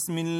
بسم الله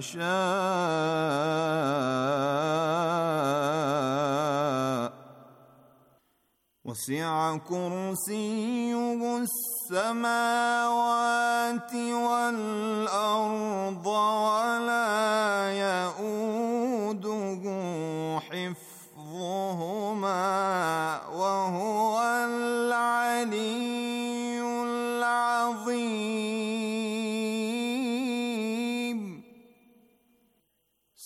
يشاء وسع كرسيه السماوات والارض ولا يؤوس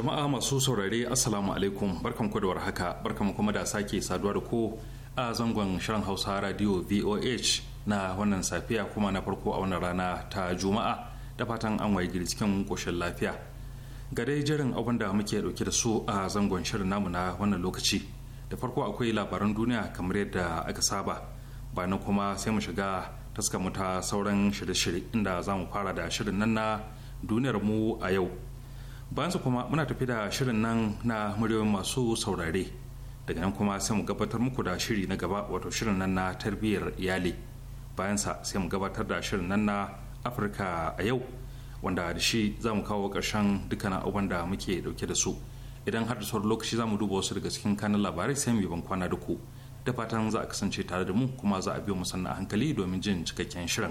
jama'a masu saurare assalamu alaikum barkan ku haka warhaka barkan kuma da sake saduwa da ku a zangon shirin hausa radio voh na wannan safiya kuma na farko a wannan rana ta juma'a da fatan an waye gari cikin koshin lafiya ga dai jirin abin da muke dauke da su a zangon shirin namu na wannan lokaci da farko akwai labaran duniya kamar yadda aka saba ba na kuma sai mu shiga taska sauran shirye-shirye inda za mu fara da shirin nan na duniyar mu a yau bayan su kuma muna tafi da shirin nan na muryoyin masu saurare daga nan kuma sai mu gabatar muku da shiri na gaba wato shirin nan na tarbiyyar iyali bayansa sai mu gabatar da shirin nan na afirka a yau wanda da shi za mu kawo ƙarshen dukkan abubuwan da muke dauke da su idan har da sauran lokaci za mu duba wasu daga cikin kanun labarai sai mu yi ban kwana duku ku da fatan za a kasance tare da mu kuma za a biyo mu sannan a hankali domin jin cikakken shirin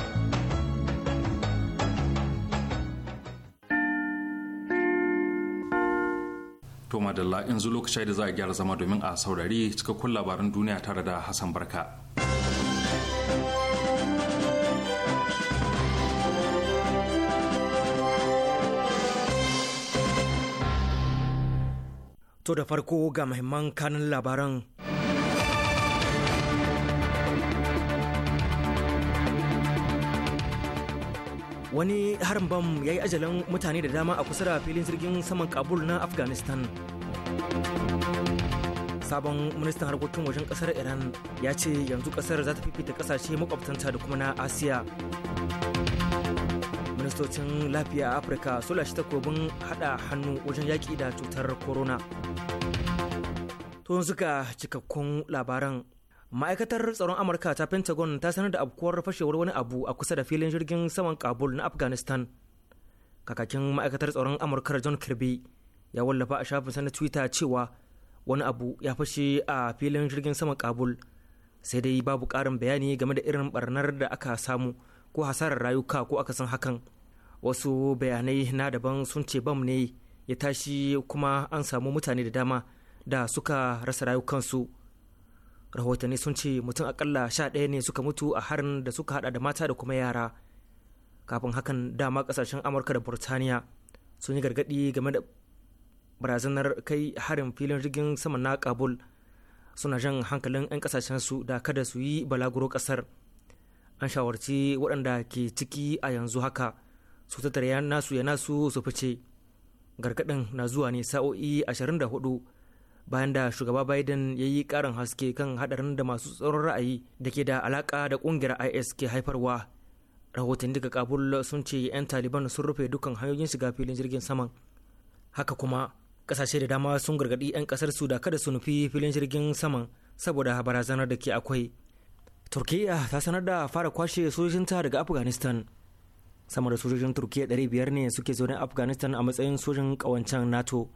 To madalla yanzu lokaci da za a gyara zama domin a saurari cikakkun labaran duniya tare da Hassan Barka. To da farko ga muhimman kanin labaran wani harin bam ya yi ajalin mutane da dama a kusa da filin jirgin saman kabul na afghanistan sabon ministan harkokin wajen kasar iran ya ce yanzu kasar za ta fifita kasashe makwabtanta da kuma na asiya ministocin lafiya a afirka su lashe takobin hada hannu wajen yaƙi da cutar corona to yanzu ga cikakkun labaran ma'aikatar tsaron amurka ta pentagon ta sanar da abkuwar fashewar wani abu a kusa da filin jirgin saman kabul na afghanistan kakakin ma'aikatar tsaron amurka john kirby ya wallafa a shafinsa na twitter cewa wani abu ya fashe a filin jirgin saman kabul sai dai babu karin bayani game da irin barnar da aka samu ko hasarar rayuka ko aka san hakan wasu bayanai na daban sun ce bam ne ya tashi kuma an samu mutane da dama da suka rasa rayukansu rahotanni sun ce mutum akalla sha ɗaya ne suka mutu a harin da suka hada da mata da kuma yara kafin hakan dama kasashen amurka da burtaniya sun yi gargaɗi game da barazanar kai harin filin jirgin sama na kabul suna jan hankalin 'yan kasashen su da kada su yi balaguro kasar an shawarci waɗanda ke ciki a yanzu haka su tattara nasu ya nasu su fice gargaɗin na zuwa ne sa'o'i 24 bayan da shugaba biden ya yi karin haske kan hadarin da masu tsaron ra'ayi da ke da alaka da kungiyar is ke haifarwa rahoton daga kabul sun ce 'yan taliban sun rufe dukkan hanyoyin shiga filin jirgin saman haka kuma kasashe da dama sun gargadi 'yan kasar su da kada su nufi filin jirgin saman saboda barazanar da ke akwai turkiyya ta sanar da fara kwashe sojojinta daga afghanistan sama da sojojin turkiya 500 ne suke zaune afghanistan a matsayin sojin kawancen nato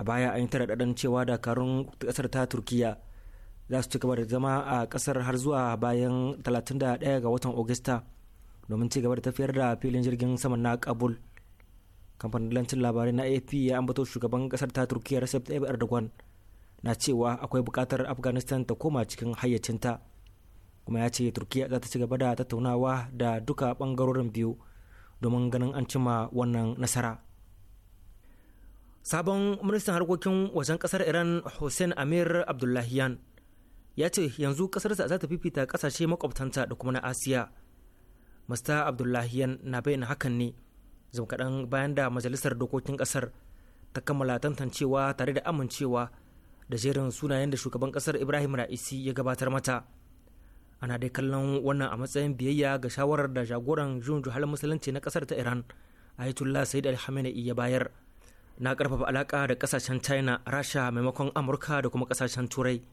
a baya an yi taraɗaɗin cewa dakarun ƙasar ta turkiya za su ci gaba da zama a ƙasar har zuwa bayan 31 ga watan augusta domin ci gaba da tafiyar da filin jirgin saman na kabul kamfanin lantin labarai na ap ya ambato shugaban ƙasar ta turkiya recep tayyip erdogan na cewa akwai bukatar afghanistan ta koma cikin hayyacinta kuma ya ce turkiya za ta ci gaba da tattaunawa da duka bangarorin biyu domin ganin an cima wannan nasara. sabon ministan harkokin wajen kasar iran hussein amir abdullahiyan ya ce yanzu kasarsa za ta fifita kasashe makwabtanta da kuma na asiya mr abdullahiyan na bayyana hakan ne zama kaɗan bayan da majalisar dokokin kasar ta kammala tantancewa tare da amincewa da jerin sunayen da shugaban kasar ibrahim ra'isi ya gabatar mata ana dai kallon wannan a matsayin biyayya ga shawarar da jagoran jun juhal musulunci na kasar ta iran ayatollah sayyid al ya bayar na karfafa alaka da kasashen china rasha maimakon amurka da kuma kasashen turai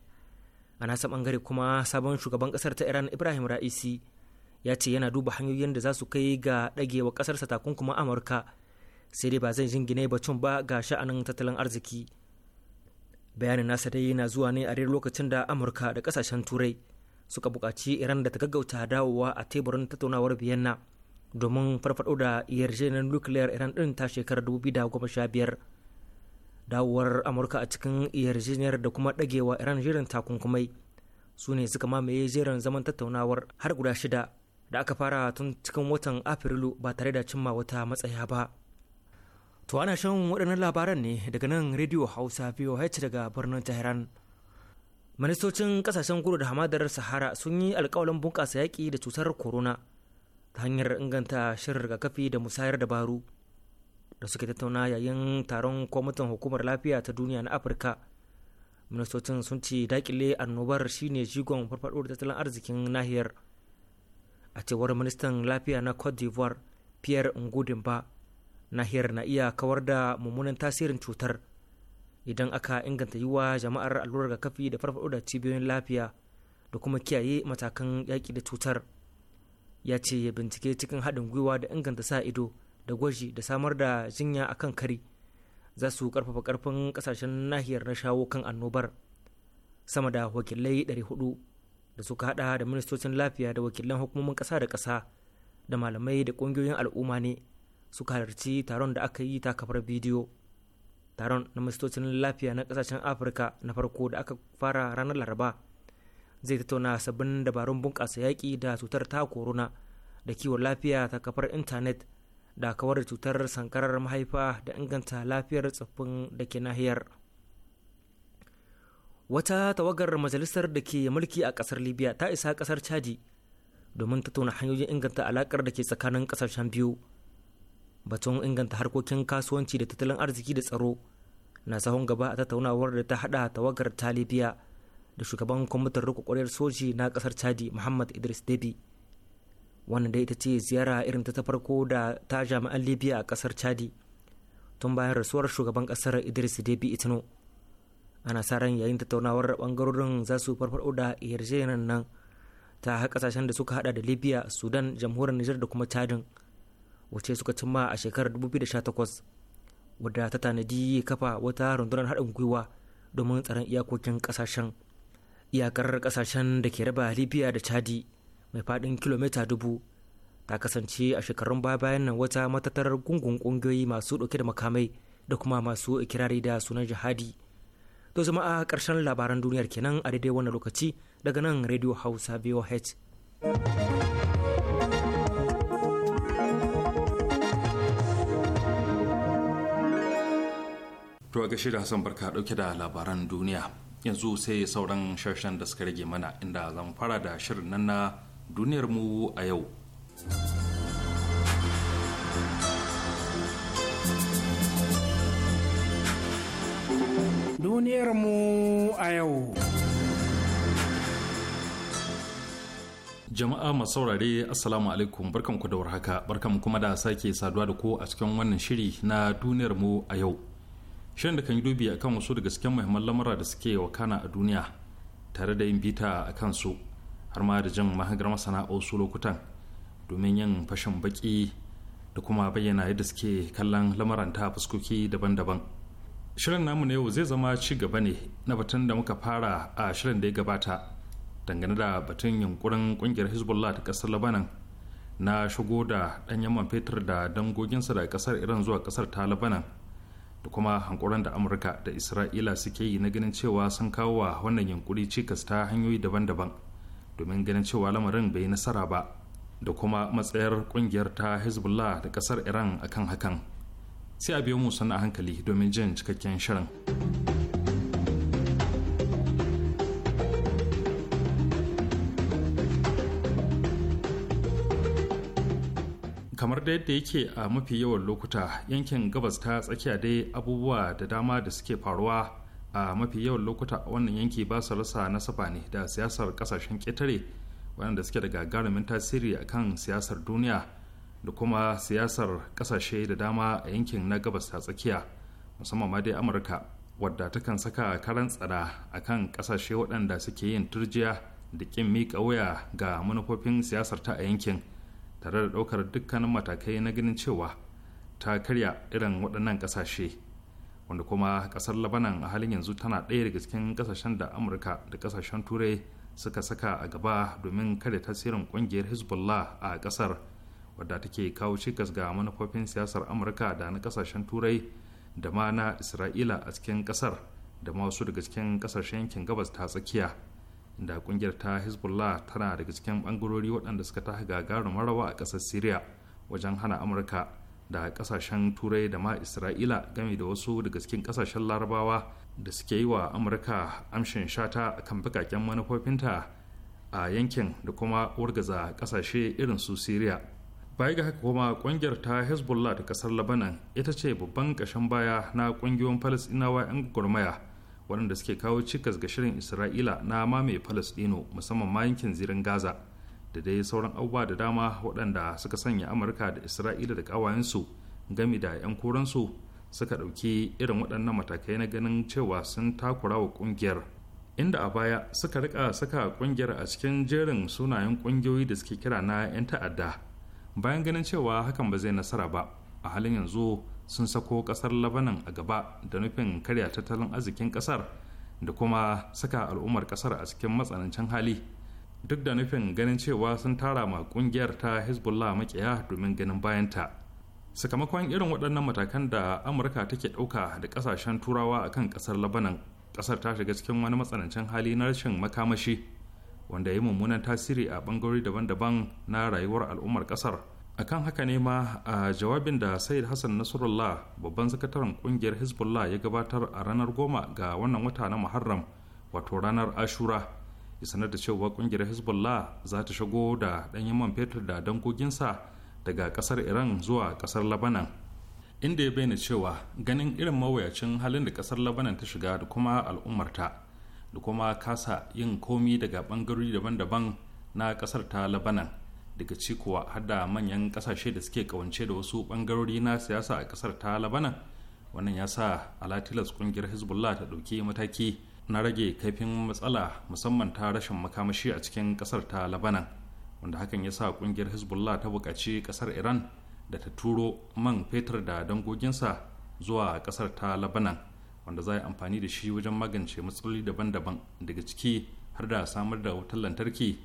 a nasa bangare kuma sabon shugaban kasar ta iran ibrahim ra'isi ya ce yana duba hanyoyin da za su kai ga ɗagewa kasarsa takunkuman amurka sai dai ba zai jingine batun ba ga sha'anin tattalin arziki bayanin nasa dai yana zuwa ne a daidai lokacin da amurka da kasashen turai suka bukaci iran da ta gaggauta dawowa a teburin tattaunawar vienna domin farfado da yarjejeniyar nukiliyar iran din ta shekarar biyar dawowar amurka a cikin yarjejeniyar da kuma dagewa iran jerin takunkumai su ne suka mamaye jerin zaman tattaunawar har guda shida da aka fara tun cikin watan afrilu ba tare da cimma wata matsaya ba to ana shan waɗannan labaran ne daga nan rediyo hausa voh daga birnin tehran ministocin kasashen kudu da hamadar sahara sun yi alkawalin bunƙasa yaƙi da cutar corona ta hanyar inganta shirin rigakafi da musayar dabaru da suke tattauna yayin taron kwamitin hukumar lafiya ta duniya na afirka ministocin sun ce dakile annobar shine jigon farfaɗo tattalin arzikin nahiyar a cewar ministan lafiya na cote d'ivoire pierre ba nahiyar na iya kawar da mummunan tasirin cutar idan aka inganta yiwa jama'ar allurar rigakafi da farfado da cibiyoyin lafiya da kuma kiyaye matakan yaƙi da cutar ya ce ya bincike cikin haɗin gwiwa da inganta sa ido da gwaji da samar da jinya a kan kari za su karfafa ƙarfin ƙasashen nahiyar na shawo kan annobar sama da wakilai 400 da suka haɗa da ministocin lafiya da wakilan hukumomin ƙasa da ƙasa da malamai da ƙungiyoyin al'umma ne suka halarci taron da aka yi ta kafar bidiyo taron na ministocin lafiya na ƙasashen afirka na farko da aka fara ranar laraba zai tattauna sabbin dabarun bunƙasa yaƙi da cutar ta corona da kiwon lafiya ta kafar intanet da kawar da cutar sankarar mahaifa da inganta lafiyar tsoffin da ke nahiyar wata tawagar majalisar da ke mulki a kasar libya ta isa kasar chadi domin tattauna hanyoyin inganta alakar da ke tsakanin kasashen biyu batun inganta harkokin kasuwanci da tattalin arziki da tsaro na sahun gaba a tattaunawar da ta hada tawagar ta libya da shugaban kwamitin riko kwarar soji na kasar chadi muhammad idris debi wannan da ita ce ziyara irin ta farko da ta jami'an libya a kasar chadi tun bayan rasuwar shugaban kasar idris debi itno ana sa ran yayin tattaunawar bangarorin za su farfado da yarjejeniyar nan ta kasashen da suka hada da libya sudan jamhuriyar nijar da kuma chadin wace suka cimma a shekarar 2018 wadda ta tanadi kafa wata rundunar haɗin gwiwa domin tsaron iyakokin kasashen iyakar kasashen da ke raba libya da chadi mai fadin kilomita dubu ta kasance a shekarun baya bayan nan wata matatarar gungun kungiyoyi masu dauke da makamai da kuma masu ikirari da sunan jihadi to a ƙarshen labaran duniyar kenan a daidai wannan lokaci daga nan radio hausa voh to gashi da hassan barka dauke da labaran duniya yanzu sai sauran sharshen da suka rage mana inda zan fara da shirin nan na duniyar mu a yau duniyar mu a yau jama'a masu saurare assalamu alaikum barkanku da warhaka barkanku kuma da sake saduwa da ku a cikin wannan shiri na duniyar mu a yau shirin da kan yi dubi akan wasu daga cikin muhimman lamura da suke wa wakana a duniya tare da yin bita a su har ma da jin mahangar masana'o su lokutan domin yin fashin baki da kuma bayyana yadda suke kallon lamuran ta fuskoki daban-daban shirin namu na yau zai zama ci gaba ne na batun da muka fara a shirin da ya gabata dangane da batun yunkurin kungiyar hezbollah ta kasar labanan na shigo da danyen man fetur da dangoginsa daga kasar iran zuwa kasar ta labanan da kuma hankuran da amurka da isra'ila suke yi na ganin cewa sun kawo wa wannan yankuri cikas ta hanyoyi daban-daban domin ganin cewa lamarin bai yi nasara ba da kuma matsayar kungiyar ta hezbollah da kasar iran akan hakan sai a biyo mu sana hankali domin jin cikakken shirin. da yadda yake a mafi yawan lokuta yankin gabas ta tsakiya dai abubuwa da dama da suke faruwa a mafi yawan lokuta a wannan yanki ba su rasa nasaba ne da siyasar kasashen ƙetare waɗanda suke da gagarumin tasiri a kan siyasar duniya da kuma siyasar ƙasashe da dama a yankin na gabas ta tsakiya musamman ma dai amurka wadda takan saka karan tsada a kan ƙasashe waɗanda suke yin turjiya da ƙin miƙa wuya ga manufofin siyasar ta a yankin tare da ɗaukar dukkanin matakai na ganin cewa ta karya irin waɗannan ƙasashe wanda kuma ƙasar labanan a halin yanzu tana ɗaya daga cikin ƙasashen da amurka da ƙasashen turai suka saka a gaba domin kare tasirin ƙungiyar hezbollah a ƙasar wadda take kawo cikas ga manufofin siyasar amurka da na ƙasashen turai da ma na isra'ila a cikin ƙasar da ma wasu daga cikin ƙasashen yankin gabas ta tsakiya da kungiyar ta hezbollah tana daga cikin bangarori waɗanda suka ta gagarumar marawa a ƙasar syria wajen hana amurka da ƙasashen turai da ma isra'ila game da wasu daga cikin ƙasashen larabawa da suke yi wa amurka amshin shata kan bakaken manufofinta a yankin da kuma wurgaza ƙasashe irin su syria baya ga haka kuma kungiyar ta hezbollah da kasar labanan ita ce babban kashin baya na kungiyoyin falasinawa 'yan gwagwarmaya waɗanda suke kawo cikas ga shirin isra'ila na mamaye palestino musamman ma yankin zirin gaza da dai sauran abubuwa da dama waɗanda suka sanya amurka da isra'ila da ƙawayensu gami da 'yan koransu suka ɗauki irin waɗannan matakai na ganin cewa sun takura wa ƙungiyar inda a baya suka rika saka ƙungiyar a cikin jerin sunayen ƙungiyoyi da suke kira na 'yan ta'adda bayan ganin cewa hakan ba zai nasara ba a halin yanzu sun sako kasar labanan a gaba da nufin karya tattalin arzikin kasar da kuma saka al'ummar kasar a cikin matsanancin hali duk da nufin ganin cewa sun tara ma kungiyar ta hezbollah makiya domin ganin bayanta sakamakon irin waɗannan matakan da amurka take ɗauka da ƙasashen turawa akan ƙasar labanan ƙasar ta shiga cikin wani matsanancin hali na rashin makamashi wanda ya yi mummunan tasiri a ɓangarori daban-daban na rayuwar al'ummar ƙasar akan haka ne ma a jawabin da said hassan nasrullah babban sakataren kungiyar hezbollah ya gabatar a ranar goma ga wannan wata na muharram wato ranar ashura ya sanar da cewa kungiyar hezbollah za ta shigo da ɗanyen man fetur da dangoginsa daga ƙasar iran zuwa ƙasar labanan inda ya bayyana cewa ganin irin mawuyacin halin da kasar labanan ta shiga da kuma al'ummarta da kuma kasa yin komi daga bangarori daban-daban na kasar ta labanan daga cikowa har da manyan kasashe da suke kawance da wasu bangarori na siyasa a kasar ta labanan wannan ya sa alatilas kungiyar hezbollah ta ɗauki mataki na rage kaifin matsala musamman ta rashin makamashi a cikin kasar ta labanan wanda hakan ya sa kungiyar hezbollah ta buƙaci kasar iran da ta turo man fetur da dangoginsa zuwa kasar ta labanan wanda za a yi amfani da shi wajen magance matsaloli daban-daban daga ciki har da samar da wutar lantarki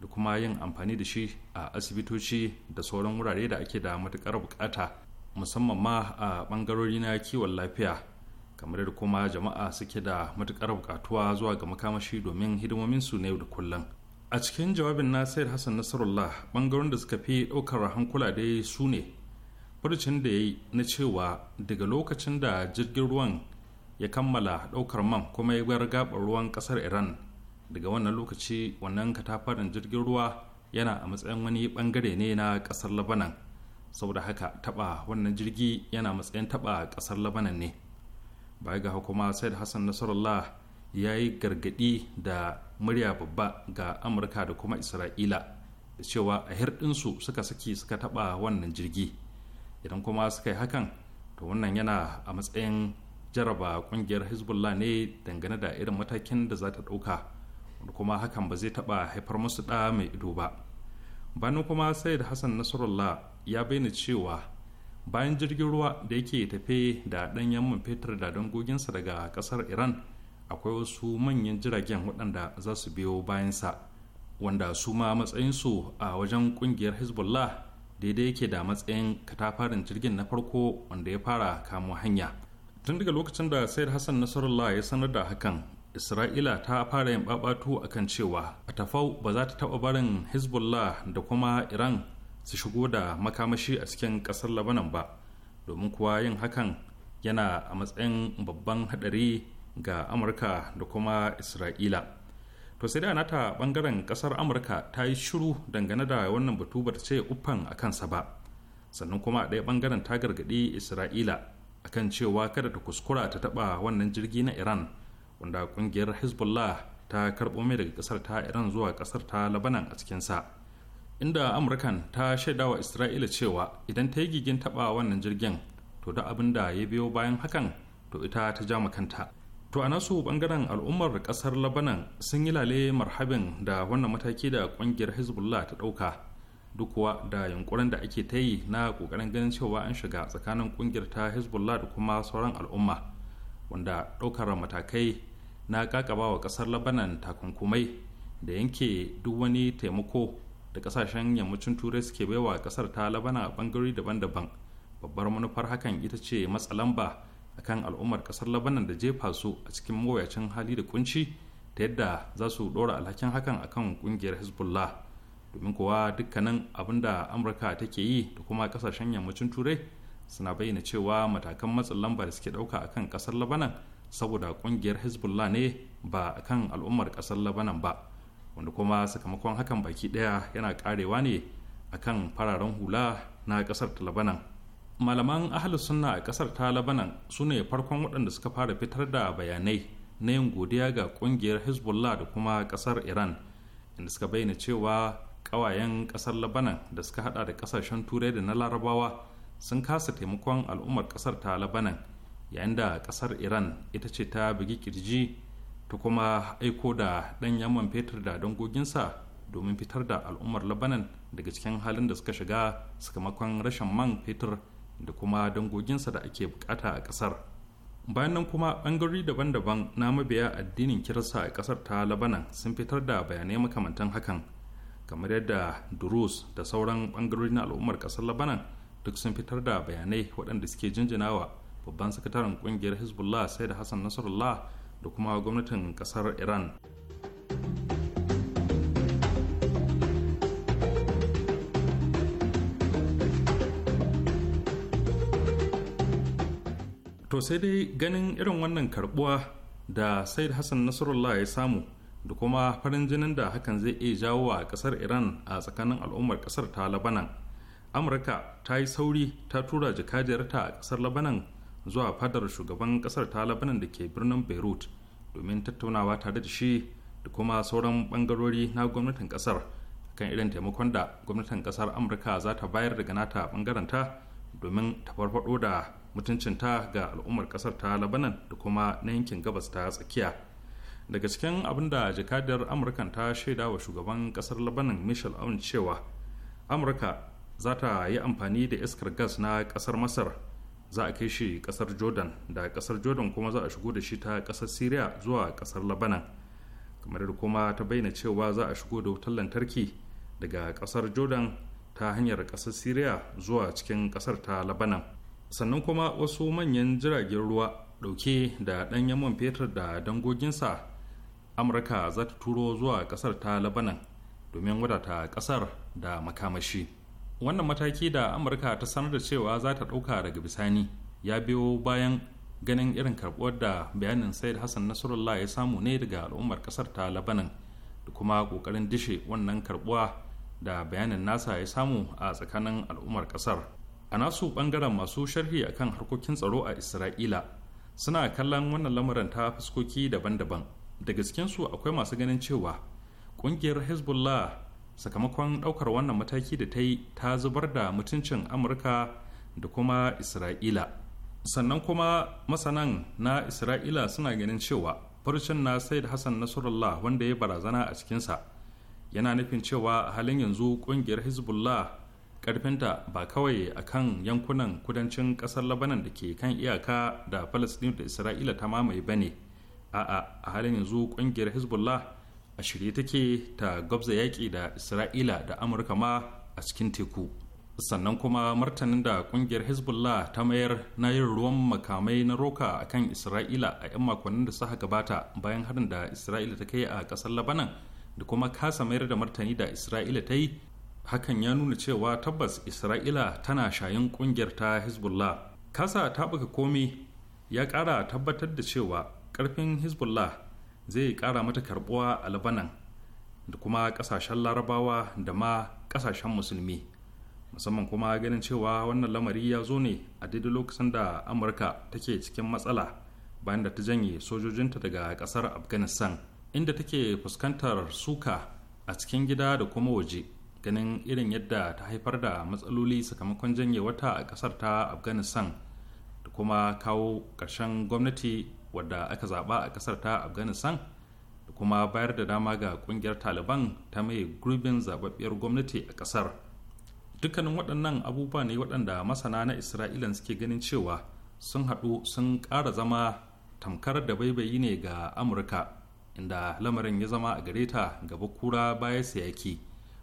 da kuma yin amfani da shi a asibitoci da sauran wurare da ake da matukar bukata musamman ma a bangarori na kiwon lafiya kamar da kuma jama'a suke da matukar bukatuwa zuwa ga makamashi domin su na yau da kullum a cikin jawabin na sayar hassan nasarullah bangaren da suka fi ɗaukar hankula dai su ne farcin da ya yi na cewa daga lokacin da jirgin ruwan ya kammala ɗaukar man kuma ya bar gaɓar ruwan ƙasar iran daga wannan lokaci wannan katafaren jirgin ruwa yana a matsayin wani bangare ne na kasar labanan saboda haka taba wannan jirgi yana matsayin taba kasar labanan ne baya ga hukuma said hassan nasarallah ya yi gargadi da murya babba ga amurka da kuma isra'ila da cewa a hirɗinsu suka saki suka taba wannan jirgi idan kuma suka yi hakan to wannan yana a matsayin jaraba kungiyar hezbollah ne dangane da irin matakin da za ta ɗauka kuma hakan ba zai taɓa haifar musu ɗa mai ido ba bani kuma sai da hassan nasarallah ya bayyana cewa bayan jirgin ruwa da yake tafe da ɗanyen yamman fetur da dangoginsa daga ƙasar iran akwai wasu manyan jiragen waɗanda za su biyo bayansa wanda su ma matsayinsu a wajen ƙungiyar hezbollah daidai yake da matsayin katafarin jirgin na farko wanda ya fara kamo hanya tun daga lokacin da sayar hassan nasarullah ya sanar da hakan isra'ila ta fara yin babatu akan cewa a tafau ba za ta taba barin hezbollah da kuma iran su shigo da makamashi a cikin kasar labanan ba domin kuwa yin hakan yana a matsayin babban hadari ga amurka da kuma isra'ila to sai da nata bangaren kasar amurka ta yi shiru dangane da wannan batu ba ta ce uffan a kansa ba sannan kuma a ɗaya bangaren ta gargaɗi isra'ila akan cewa kada ta kuskura ta taɓa wannan jirgi na iran wanda kungiyar hezbollah ta karbo mai daga kasar ta iran zuwa kasar ta labanan a cikinsa inda amurkan ta shaidawa isra'ila cewa idan ta yi gigin taba wannan jirgin to da abin da ya biyo bayan hakan to ita ta ja kanta to a nasu bangaren al'ummar kasar labanan sun yi lale marhabin da wannan mataki da kungiyar hezbollah ta dauka duk kuwa da yunkurin da ake ta yi na kokarin ganin cewa an shiga tsakanin kungiyar ta hezbollah da kuma sauran al'umma wanda ɗaukar matakai na wa kasar labanan takunkumai da yanke duk wani taimako da kasashen yammacin turai suke baiwa kasar ta labanan a bangarori daban-daban babbar manufar hakan ita ce matsalamba kan al'ummar kasar labanan da jefa su a cikin mawuyacin hali da kunci ta yadda za su dora alhakin hakan a kan kungiyar hezbollah domin kuwa dukkanin abin da amurka take yi da kuma kasashen yammacin turai suna bayyana cewa matakan matsin lamba da suke dauka akan kasar labanan saboda kungiyar hezbollah ne ba kan al'ummar kasar labanan ba wanda kuma sakamakon hakan baki daya yana karewa ne akan fararen hula na kasar ta labanan malaman ahli suna a kasar ta labanan su ne farkon waɗanda suka fara fitar da bayanai na yin godiya ga kungiyar hezbollah da kuma kasar iran inda suka bayyana cewa kawayen kasar labanan da suka hada da kasashen turai da na larabawa sun kasa taimakon al'ummar kasar ta labanan yayin da kasar iran ita ce ta bugi kirji ta kuma aiko da ɗan yamman fetur da dangoginsa domin fitar da al'ummar labanan daga cikin halin da suka shiga sakamakon rashin man fetur da kuma dangoginsa da ake bukata a kasar bayan nan kuma bangarori daban-daban na mabiya addinin kirista a kasar ta labanan sun fitar da bayanai makamantan hakan kamar yadda durus da sauran bangarori na al'ummar kasar labanan duk sun fitar da bayanai waɗanda suke jinjinawa babban sakataren kungiyar hezbollah sai da hassan nasarallah da kuma gwamnatin kasar iran to sai dai ganin irin wannan karbuwa da said hassan nasarullah ya samu da kuma farin jinin da hakan zai iya jawo a kasar iran a tsakanin al'ummar kasar ta labanan amurka ta yi sauri ta tura ta a kasar labanan zuwa fadar shugaban kasar ta labanan da ke birnin beirut domin tattaunawa tare da shi da kuma sauran bangarori na gwamnatin kasar kan irin taimakon da gwamnatin kasar amurka za ta bayar daga nata ta domin ta farfado da mutuncinta ga al'ummar kasar ta labanan da kuma na yankin gabas ta tsakiya daga cikin abin da jakadiyar amurkan ta shaida wa shugaban kasar labanan michel aun cewa amurka za ta yi amfani da iskar gas na kasar masar za a kai shi kasar jordan da kasar jordan kuma za a shigo da shi ta kasar syria zuwa kasar labanan kamar da kuma ta bayyana cewa za a shigo da wutar lantarki daga kasar jordan ta hanyar kasar syria zuwa cikin kasar ta labanan sannan kuma wasu manyan jiragen ruwa dauke da ɗanyen man fetur da dangoginsa amurka za ta turo zuwa kasar ta labanan domin wadata kasar da makamashi wannan mataki da amurka ta sanar da cewa za ta ɗauka daga bisani ya biyo bayan ganin irin karɓuwar da bayanin said hassan nasarullah ya samu ne daga al'ummar ƙasar ta labanan da kuma ƙoƙarin dishe wannan karɓuwa da bayanin nasa ya samu a tsakanin al'ummar ƙasar a nasu ɓangaren masu sharhi akan harkokin tsaro a isra'ila suna kallon wannan lamarin ta fuskoki daban-daban daga cikinsu akwai masu ganin cewa ƙungiyar hezbollah sakamakon ɗaukar wannan mataki da ta yi ta zubar da mutuncin amurka da kuma isra'ila sannan kuma masanan na isra'ila suna ganin cewa farcin na said hassan nasrullah wanda ya barazana a cikinsa yana nufin cewa a halin yanzu kungiyar hezbollah karfinta ba kawai a kan yankunan kudancin kasar labanan da ke kan iyaka da palestine da isra'ila ta mamaye ba ne a'a a halin yanzu kungiyar hezbollah a shirye take ta gwabza yaƙi da isra'ila da amurka ma a cikin teku sannan kuma martanin da kungiyar hezbollah ta mayar na yin ruwan makamai na roka a kan isra'ila a 'yan makonnin da suka gabata bayan harin da isra'ila ta kai a ƙasar labanan da kuma kasa mayar da martani da isra'ila ta yi hakan ya nuna cewa tabbas isra'ila tana shayin kungiyar ta hezbollah kasa ta buga komi ya ƙara tabbatar da cewa ƙarfin hezbollah zai ƙara mata karbuwa a labanan da kuma ƙasashen larabawa da ma ƙasashen musulmi musamman kuma ganin cewa wannan lamari ya zo ne a daidai lokacin da amurka take cikin matsala bayan da ta janye sojojinta daga ƙasar afghanistan inda take fuskantar suka a cikin gida da kuma waje ganin irin yadda ta haifar da matsaloli sakamakon janye wata a ƙasar ta afghanistan da kuma kawo ƙarshen gwamnati wadda aka zaba a kasar ta afghanistan da kuma bayar da dama ga kungiyar taliban ta mai gurbin zababbiyar gwamnati a kasar dukkanin waɗannan abubuwa ne waɗanda masana na isra'ila suke ganin cewa sun haɗu sun ƙara zama tamkar da baibayi ne ga amurka inda lamarin ya zama a gare ta gaba kura baya siyaki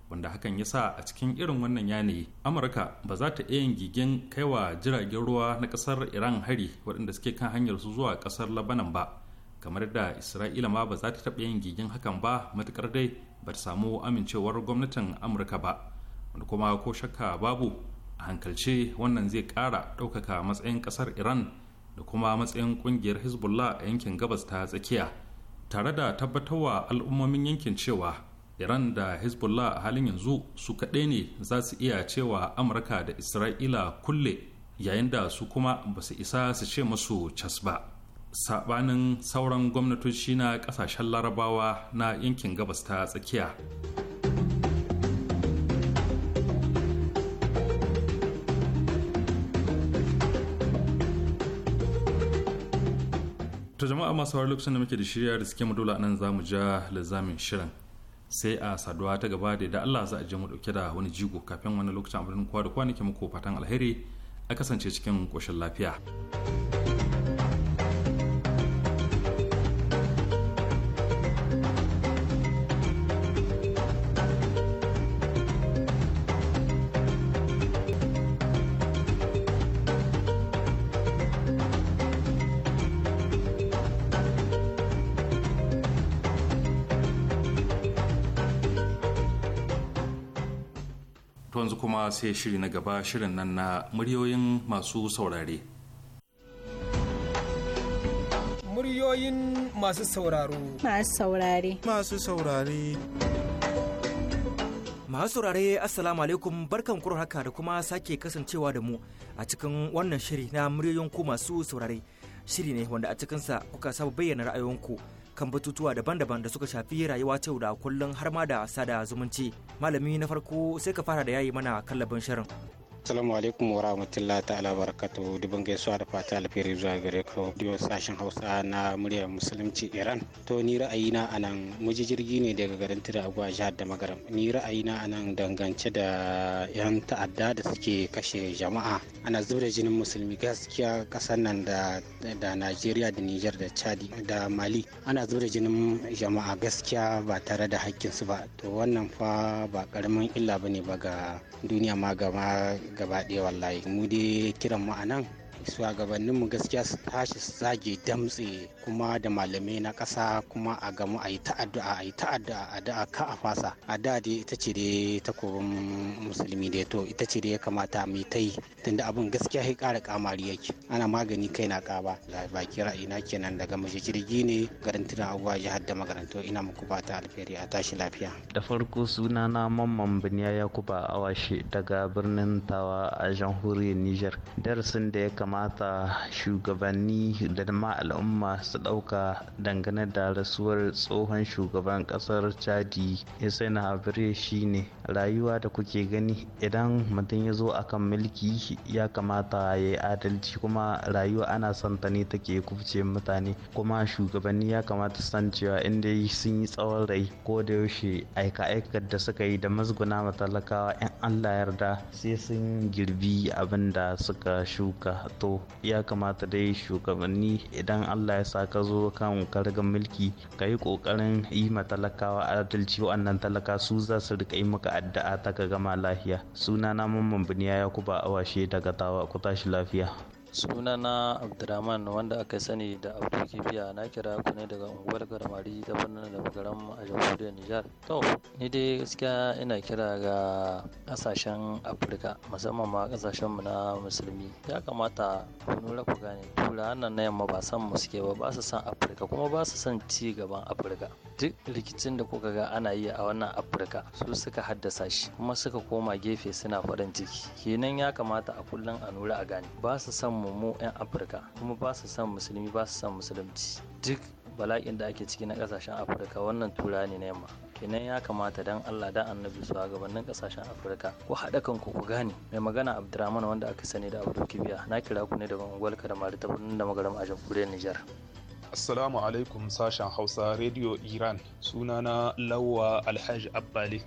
wanda hakan ya sa a cikin irin wannan yanayi amurka ba za ta iya yin gigin kaiwa jiragen ruwa na kasar iran hari waɗanda suke kan hanyar su zuwa kasar labanan ba kamar da isra'ila ma ba za ta taɓa yin gigin hakan ba matuƙar dai ba ta samu amincewar gwamnatin amurka ba wanda kuma ko shakka babu a hankalce wannan zai ƙara ɗaukaka matsayin ƙasar iran da kuma matsayin ƙungiyar hezbollah a yankin gabas ta tsakiya tare da tabbatarwa al'ummomin yankin cewa iran da hezbollah a halin yanzu su kaɗai ne za su iya cewa amurka da isra'ila kulle yayin da su kuma ba su isa su ce musu cas ba sabanin sauran gwamnatoci na ƙasashen larabawa na yankin gabas ta tsakiya ta jama'a masu lokacin da muke da shirya da suke mu dole nan za mu ja lizamin shirin sai a saduwa ta gaba da da Allah za a je mu dauke da wani jigo kafin wani lokacin abin kowa da kowa nake muku fatan alheri a kasance cikin koshin lafiya. sai shiri na gaba shirin nan na muryoyin masu saurare. Muryoyin masu sauraro. Masu saurare. Masu saurare. Masu saurare Assalamu alaikum barkan kurar haka da kuma sake kasancewa da mu a cikin wannan shiri na muryoyin ku masu saurare. Shiri ne wanda a cikinsa kuka saba bayyana ra'ayoyinku kan batutuwa daban-daban da suka shafi rayuwa ta yau da kullum har ma da sada zumunci malami na farko sai ka fara da yayi mana kallabin shirin Assalamu alaikum wa rahmatullahi ta'ala barakatu dubin gaisuwa da fata alfiri zuwa gare ku sashen Hausa na muryar musulunci Iran. To ni ra'ayina anan muji jirgi ne daga garin Tira Agwa jihar da Magaram. Ni ra'ayina anan dangance da yan ta'adda da suke kashe jama'a. Ana zubda jinin musulmi gaskiya kasar nan da da Najeriya da Niger da Chad da Mali. Ana zubda jinin jama'a gaskiya ba tare da hakkinsu ba. To wannan fa ba karamin illa bane ba ga duniya ma ga gaba ɗaya wallahi mu dai kiran mu a nan shugabanninmu gaskiya su tashi su zage damtse kuma da malamai na ƙasa kuma a gamu a yi ta'addu'a a yi ta'addu'a a da'a ka a fasa a da dai ita ce dai takobin musulmi da to ita ce dai ya kamata mu ta yi tunda abin gaskiya ya ƙara kamari yake ana magani kai na ƙaba baki ra'ayina kenan daga mace jirgi ne garin tuna abubuwa jihar da magaranto ina muku fata alheri a tashi lafiya da farko suna na mamman biniya yakuba awashi daga birnin tawa a jamhuriyar niger darasin da ya kamata kamata shugabanni da ma al'umma su ɗauka dangane da rasuwar tsohon shugaban ƙasar chadi hussein habire shine rayuwa da kuke gani idan mutum ya zo akan mulki ya kamata ya yi adalci kuma rayuwa ana son ta ne take kufce mutane kuma shugabanni ya kamata san cewa inda sun yi tsawon rai ko da yaushe aika-aikar da suka yi da mazguna matalakawa 'yan allah yarda sai sun girbi abin da suka shuka to ya kamata dai shugabanni idan allah ya sa ka zo kan kargan mulki ka yi kokarin yi ma talakawa adalci wannan talaka su za su rika yi maka addu'a ta ka gama lafiya sunana mamman biniya ya kuba awashe daga tawa ku tashi lafiya sunana abdulrahman wanda aka sani da abdul kibiya na kira ku ne daga unguwar garmari ta birnin da a jamhuriyar nijar to ni dai gaskiya ina kira ga kasashen afirka musamman ma kasashen mu na musulmi ya kamata ku nura ku gane tura nan na yamma ba san mu suke ba ba su san afirka kuma ba su san ci gaban afirka duk rikicin da kuka ga ana yi a wannan afirka su suka haddasa shi kuma suka koma gefe suna farin ciki kenan ya kamata a kullum a nura a gane ba su san mu mu 'yan afirka kuma ba su son musulmi ba su son musulunci duk bala'in da ake ciki na kasashen afirka wannan tura ne na yamma kenan ya kamata dan Allah da annabi su gabanin kasashen Afirka ku haɗa kanku ku gane mai magana Abdurrahman wanda aka sani da Abdul Kibiya na kira ku ne daga unguwar Kadamari ta birnin da magaram a jamhuriyar Nijar Assalamu alaikum sashen Hausa Radio Iran sunana lawa Alhaji Abbali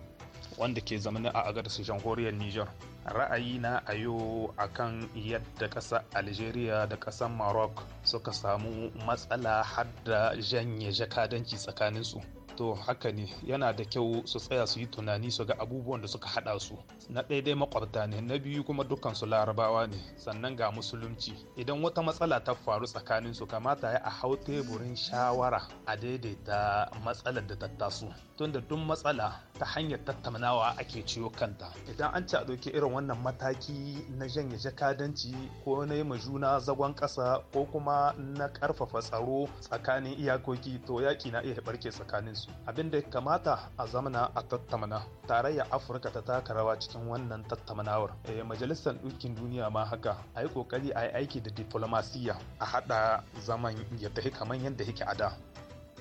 wanda ke zamani a agarsu jamhuriyar Nijar Ra'ayi ra'ayina a yau kan yadda ƙasa algeria da ƙasar maroc suka samu matsala hadda janye jakadanci tsakaninsu to haka ne yana da kyau su tsaya su yi tunani su ga abubuwan da suka hada su na ɗaya dai makwabta ne na biyu kuma dukkan su larabawa ne sannan ga musulunci idan wata matsala ta faru tsakanin su kamata ya a hau teburin shawara a daidaita matsalar da ta taso tunda duk matsala ta hanyar tattaunawa ake ciwo kanta idan an ci a ɗauki irin wannan mataki na janye jakadanci ko na yi juna zagon ƙasa ko kuma na ƙarfafa tsaro tsakanin iyakoki to yaƙi na iya barke tsakanin su abin da kamata a zamana a tattauna tarayya afirka ta taka rawa cikin wannan tattaunawar eh, majalisar ɗukin duniya ma haka a yi ƙoƙari a yi aiki da diplomasiya a haɗa zaman ya tafi kamar yadda yake a da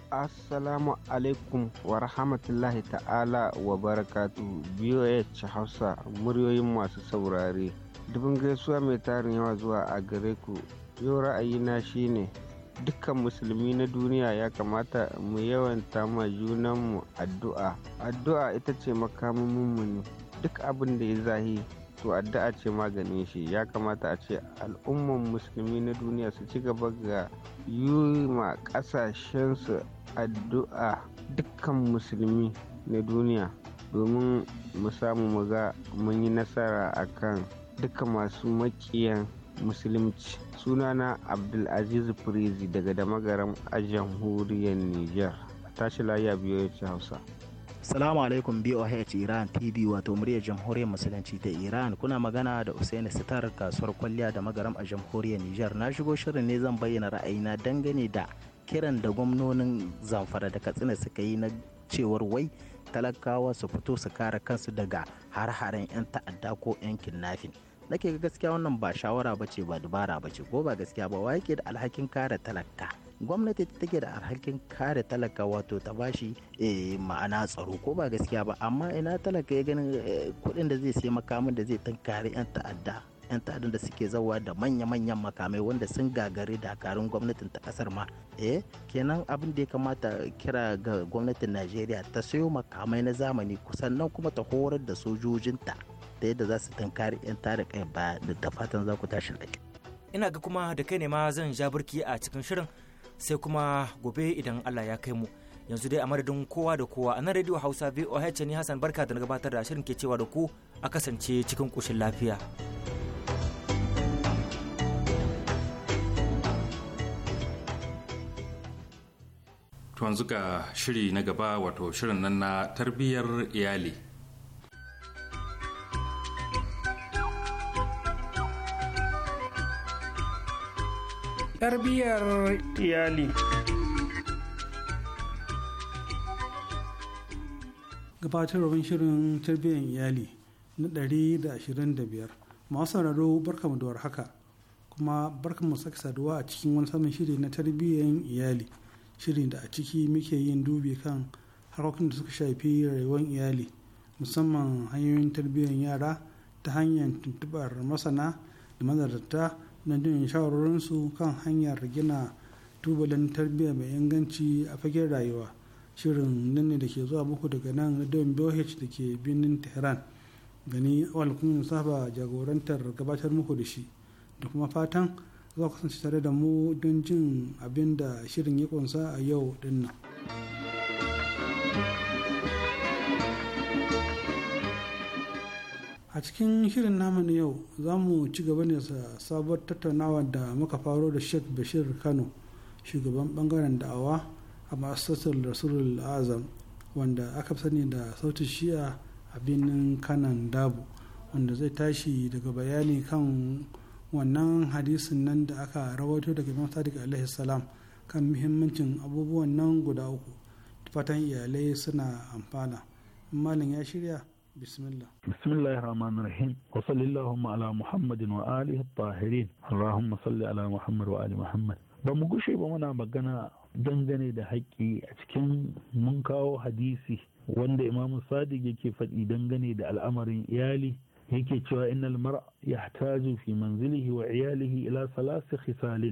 Assalamu alaikum wa rahmatullahi ta'ala wa barakatu BOH Hausa muryoyin masu saurare. Dubin gaisuwa mai tarin yawa zuwa a gare ku. Yau ra'ayina ne. dukkan musulmi na duniya ya kamata mu yawanta ma junanmu addu'a. Addu'a ita ce makamin mummuni. Duk abin da ya zahi to addu'a ce maganin shi ya kamata a ce al'umman musulmi na duniya su ci gaba ga yi ma su addu'a dukkan musulmi na duniya domin mu samu mu ga mun yi nasara akan duka masu maƙiyan musulunci sunana abdulaziz firizi daga damagaram a jamhuriyar niger tashi lafiya biyu ya ci hausa Salamu alaikum BOH Iran TV wato muryar jamhuriyar musulunci ta Iran kuna magana da Usaini Sitar kasuwar kwalliya da magaram a jamhuriyar Nijar na shigo shirin ne zan bayyana ra'ayina dangane da kiran da gwamnonin zamfara da katsina suka yi na cewar wai talakawa su fito su kare kansu daga har-haren 'yan ta'adda ko 'yan kinnafin. nake ga gaskiya wannan ba shawara ba ba dubara bace ko ba gaskiya ba wa yake da alhakin kare talaka gwamnati take da alhakin kare talaka wato ta bashi eh, ma'ana tsaro ko ba gaskiya ba amma ina talaka ya ganin eh, kuɗin da zai sai makamin da zai tankari 'yan ta'adda 'yan ta'addan da suke zawa da manya-manyan makamai wanda sun gagari dakarun gwamnatin ta kasar ma eh kenan abin da ya kamata kira ga gwamnatin najeriya ta sayo makamai na zamani kusan nan kuma ta horar da sojojinta da yadda za su tankari 'yan tare kai ba da fatan za ku tashi ina ga kuma da kai ne ma zan ja burki a cikin shirin sai kuma gobe idan Allah ya kai mu yanzu dai a madadin kowa da kowa a nan radio hausa voh ne hassan barka da na gabatar da shirin ke cewa da ku a kasance cikin ƙoshin lafiya to yanzu ga shiri na gaba wato shirin nan na tarbiyyar iyali tarbiyyar iyali Gabatar rabin shirin tarbiyyar iyali na 125 masu sauraro mu da haka kuma barkamu sake saduwa a cikin wani samun shiri na tarbiyyar iyali shirin da a ciki muke yin dubi kan harkokin da suka shafi rayuwar iyali musamman hanyoyin tarbiyyar yara ta hanyar tuntubar masana da manzarta na jin su kan hanyar gina tubalin tarbiyya mai inganci a fagen rayuwa shirin nan ne da ke zuwa muku daga nan radion boh da ke birnin tehran gani awal saba jagorantar gabatar muku da shi da kuma fatan za ku kasance tare da mu don jin abin da shirin ya kunsa a yau dinnan. a cikin shirin namu na yau za mu ci gaba ne sa sabuwar tattaunawa da muka faro da sheikh bashir kano shugaban bangaren da'awa a masasar rasulul azam wanda aka sani da sautin shi'a a binin kanan dabu wanda zai tashi daga bayani kan wannan hadisin nan da aka rawaito daga imam sadiq alaihi salam kan muhimmancin abubuwan nan guda uku fatan iyalai suna amfana malam ya shirya بسم الله بسم الله الرحمن الرحيم وصل اللهم على محمد وآله الطاهرين اللهم صل على محمد وآل محمد بمو بمنا بقنا دنجني ده اتكن منكاو حديثي وند إمام صادق كيفت دنجني ده الأمر يالي هيك إن المرء يحتاج في منزله وعياله إلى ثلاث خصال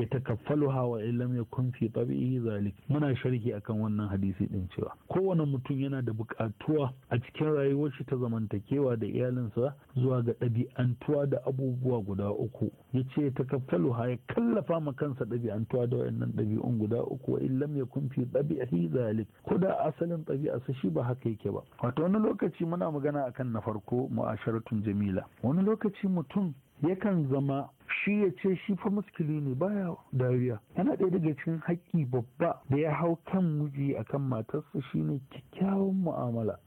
ya takaffalu hawa ilam ya kun fi tabi'i zalik muna sharhi akan wannan hadisi ɗin cewa kowane mutum yana da buƙatuwa a cikin rayuwar shi ta zamantakewa da iyalinsa zuwa ga ɗabi'antuwa da abubuwa guda uku ya ce takaffalu ha ya kallafa ma kansa ɗabi'antuwa da wayannan ɗabi'un guda uku wa illam ya kun fi tabi'i zalik ko da asalin ɗabi'arsa shi ba haka yake ba wato wani lokaci muna magana akan na farko mu'asharatun jamila wani lokaci mutum yakan zama shi ya ce shi fa muskili ne baya dariya yana ɗaya daga cikin haƙƙi babba da ya hau kan miji akan matarsa shine kyakkyawan mu'amala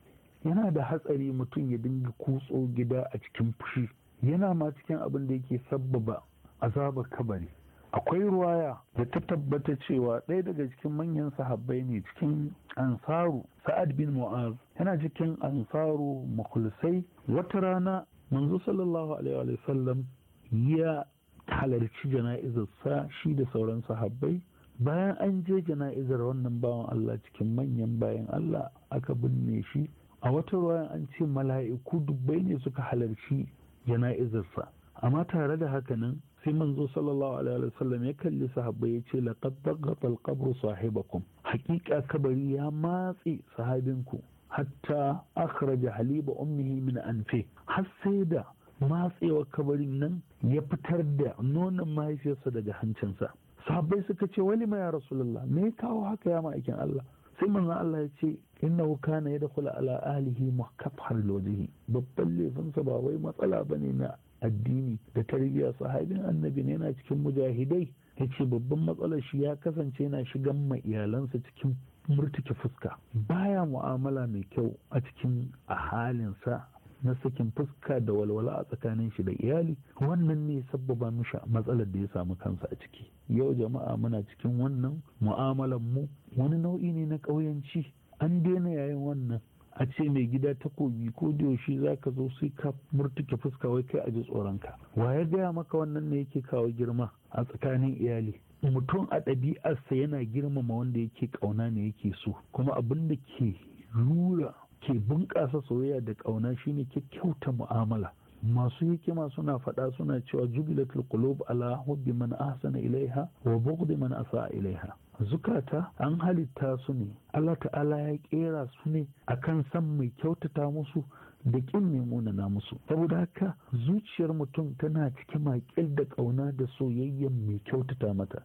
yana da hatsari mutum ya dinga kutso gida a cikin fushi yana ma cikin abin da yake sabbaba azabar kabari akwai ruwaya da ta tabbata cewa ɗaya daga cikin manyan sahabbai ne cikin ansaru sa'ad bin mu'az yana cikin ansaru makulsai wata rana manzo sallallahu alaihi wa sallam ya halarci jana'izar sa shi da sauran sahabbai bayan an je jana'izar wannan bawan Allah cikin manyan bayan Allah aka binne shi a wata ruwa an ce mala'iku dubbai ne suka halarci jana'izarsa amma tare da haka nan sai manzo sallallahu alaihi wa sallam ya kalli sahabbai ya ce laqad daghata al sahibakum haqiqa kabari ya matsi sahabinku hatta akhraja haliba ummihi min anfi har sai da matsewar kabarin nan ya fitar da nonon mahaifiyarsa daga hancinsa sabai suka ce wani ma ya rasulullah me ya kawo haka ya ma'aikin Allah sai manzon Allah ya ce na innahu kana yadkhulu ala ahlihi mukaffar lojihi babban laifinsa ba wai matsala bane na addini da tarbiyya sahabin annabi ne yana cikin mujahidai ya ce babban matsalar shi ya kasance yana shigan ma iyalansa cikin murtuke fuska baya mu'amala mai kyau a cikin a halinsa na sakin fuska da walwala a tsakanin shi da iyali wannan ne sabbaba mishi matsalar da ya samu kansa a ciki yau jama'a muna cikin wannan mu'amalar mu wani nau'i ne na ƙauyanci an daina yayin wannan a ce mai gida takobi ko da yaushe za ka zo sai ka murtuke fuska wai kai a ji tsoronka wa ya gaya maka wannan ne yake kawo girma a tsakanin iyali mutum a ɗabi'arsa yana girmama wanda yake ƙauna ne yake so kuma abin da ke rura ke bunƙasa soyayya da ƙauna shine kyakkyauta mu'amala masu hikima suna faɗa suna cewa jubilatul qulub ala hubbi man ahsana ilaiha wa bughdi man asaa ilaiha zukata an halitta su ne Allah ta'ala ya kera su ne akan san mai kyautata musu da kin mai munana musu saboda haka zuciyar mutum tana cike maƙil da ƙauna da soyayyen mai kyautata mata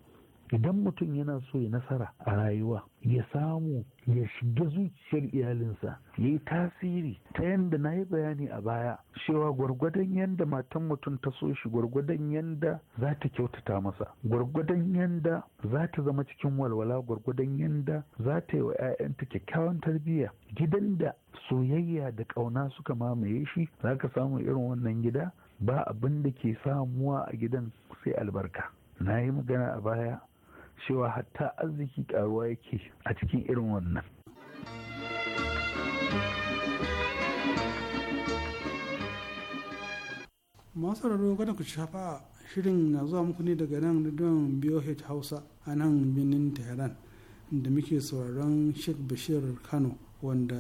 idan mutum yana so ya nasara a rayuwa ya samu ya shiga zuciyar iyalinsa ya yi tasiri ta yadda na yi bayani a baya cewa gwargwadon yadda matan mutum ta so shi gwargwadon yadda za ta kyautata masa gwargwadon yadda za ta zama cikin walwala gwargwadon yadda za ta yi wa 'ya'yanta kyakkyawan tarbiyya gidan da soyayya da ƙauna suka mamaye shi za ka samu irin wannan gida ba abin da ke samuwa a gidan sai albarka na yi magana a baya cewa hatta arziki karuwa yake a cikin irin wannan masu raro gada ku shafa shirin na zuwa muku ne daga nan rediyon BOH Hausa a nan birnin Tehran da muke sauraron Sheikh Bashir Kano wanda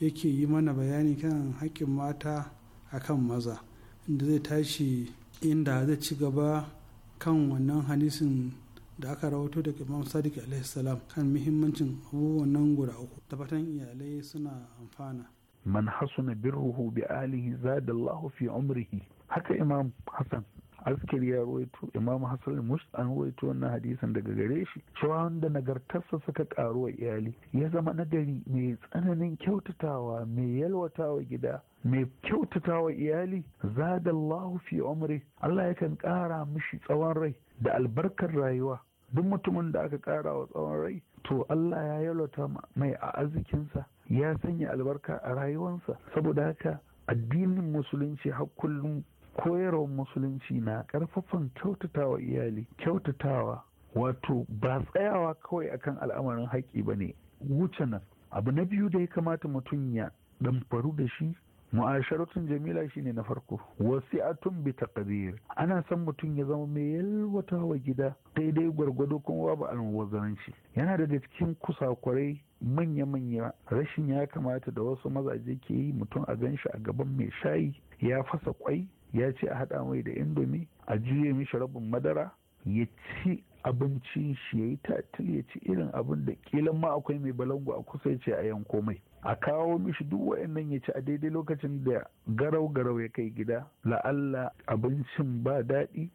yake yi mana bayani kan haƙƙin mata a kan maza inda zai tashi inda zai ci gaba kan wannan hadisin da aka rahoto daga imam sadiq alaihi salam kan muhimmancin abubuwan nan guda uku tabbatan iyalai suna amfana man hasuna birruhu bi alihi zada Allahu fi umrihi haka imam hassan askari ya ruwaito imam hassan mus an ruwaito wannan hadisin daga gare shi cewa wanda nagartarsa suka karu wa iyali ya zama nagari mai tsananin kyautatawa mai yalwatawa gida mai kyautatawa iyali zadallahu fi umri Allah yakan kara mishi tsawon rai da albarkar rayuwa duk mutumin da aka kara wa tsawon rai to Allah ya yalwata mai a arzikinsa ya sanya albarka a rayuwansa, saboda haka addinin musulunci har kullum koyarwar musulunci na ƙarfafan kyautatawa iyali kyautatawa wato ba tsayawa kawai akan al'amarin haƙƙi ba ne wuce nan abu na biyu da ya kamata mutum ya damfaru da shi mu'asharatun jamila shine na farko Wasu wasi'atun bi taqdir ana son mutum ya zama mai yalwata wa gida daidai gwargwado kuma babu shi. yana daga cikin kusakwarai manya-manya rashin ya kamata da wasu mazaje ke yi mutum a ganshi a gaban mai shayi ya fasa kwai ya ce a haɗa mai da indomi a juye mishi rabin madara ya ci abincin shi ya yi tatil ya ci irin abin da kilan ma akwai mai balangu a kusa ya ce a yankomai. komai a kawo mishi duk wa'annan ya ci a daidai lokacin da garau garau ya kai gida la'alla abincin ba daɗi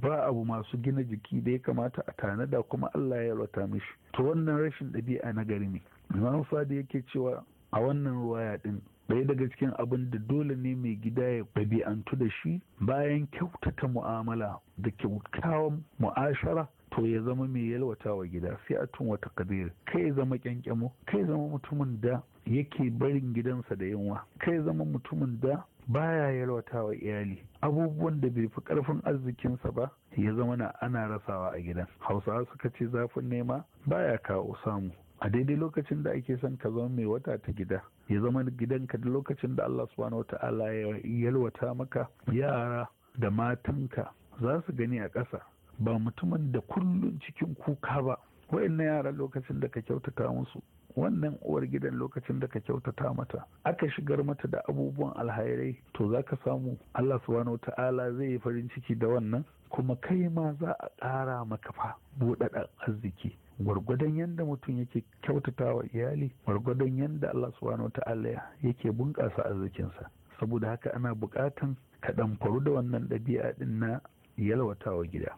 ba abu masu gina jiki da ya kamata a tanada kuma Allah ya rata mishi to wannan rashin ɗabi'a na gari ne Imam fadi yake cewa a wannan ruwaya ɗin ɗaya daga cikin abin da dole ne mai gida ya ɗabi'antu da shi bayan kyautata mu'amala da kyautawan mu'ashara to ya zama mai yalwata wa gida sai a tun wata kadir kai zama kyankyamo kai zama mutumin da yake barin gidansa da yunwa kai zama mutumin da baya yalwata wa iyali abubuwan da bai fi karfin arzikinsa ba ya zama na ana rasawa a gidan hausawa suka ce zafin nema baya kawo samu a daidai lokacin da ake son ka zama mai wata ta gida ya zama gidanka da lokacin da Allah subhanahu ta'ala ya yalwata maka yara da matanka za su gani a ƙasa ba mutumin da kullum cikin kuka ba na yara lokacin da ka kyautata musu wannan uwar gidan lokacin da ka kyautata mata aka shigar mata da abubuwan alhairai to za ka samu Allah subhanahu ta'ala zai yi farin ciki da wannan kuma kai ma za a ƙara maka fa buɗaɗɗen arziki gwargwadon yadda mutum yake kyautata wa iyali gwargwadon yadda Allah subhanahu ta'ala yake bunƙasa arzikinsa saboda haka ana buƙatan ka ɗamfaru da wannan ɗabi'a ɗin na yalwata wa gida